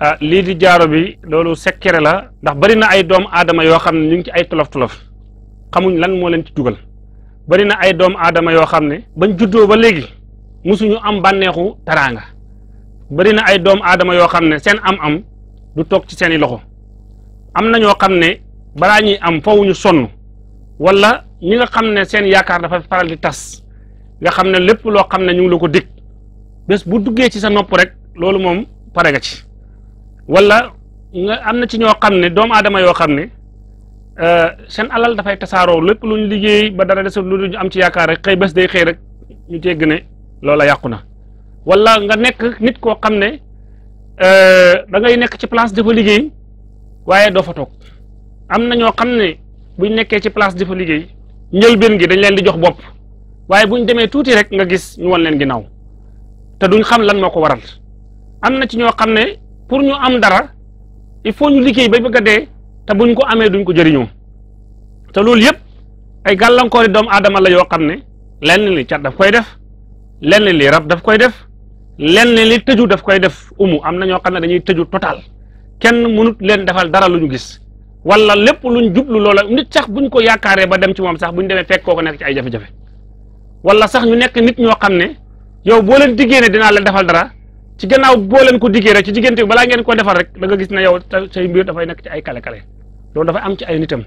Ah, lii di jaaro bi loolu sekkere la ndax bari na ay doomu aadama yoo xam ne ñu ngi ci ay tolof-tolof xamuñ lan moo leen ci dugal bari na ay doomu aadama yoo xam ne bañ juddoo ba léegi musuñu am bànneexu taraanga bari na ay doomu aadama yoo xam ne seen am-am du toog ci seeni loxo am na ñoo xam ne balaa ñuy am foofu sonn wala ñi nga xam ne seen yaakaar dafa faral di tas nga xam ne lépp loo xam ne ñu ngi la ko dig bés bu duggee ci sa nopp rek loolu moom pare wala nga am na ci ñoo xam ne doomu aadama yoo xam ne euh, seen alal dafay tasaaroo lépp lu ñu liggéey ba dara desul lu ñu am ci yaakaar rek xëy bés day xëy rek ñu tegg ne loola yàqu na wala nga nekk nit koo xam ne euh, da ngay nekk ci place dafa liggéey waaye doo fa toog am na ñoo xam ne buñ nekkee ci place dafa liggéey njëlbeen gi dañ leen di jox bopp waaye buñ demee tuuti rek nga gis ñu wan leen ginnaaw te duñ xam lan moo ko waral am na ci ñoo xam ne pour ñu am dara il faut ñu liggéey ba bëgg a dee te buñ ko amee duñ ko jëriñoo te loolu yëpp ay gàllankoori doomu aadama la yoo xam ne lenn li cat daf koy def lenn li rab daf koy def lenn li tëju daf koy def umu am na ñoo xam ne dañuy tëju total kenn mënut leen defal dara lu ñu gis wala lépp luñ jublu loola nit sax buñ ko yaakaaree ba dem ci moom sax bu ñu demee fekk ko nekk ci ay jafe-jafe wala sax ñu nekk nit ñoo xam ne yow boo leen diggee ne dinaa leen defal dara ci gannaaw boo leen ko diggee ci diggante bi balaa ngeen ko defar rek da nga gis ne yow say mbir dafay nekk ay kale kale loolu dafa am ci ay nitam.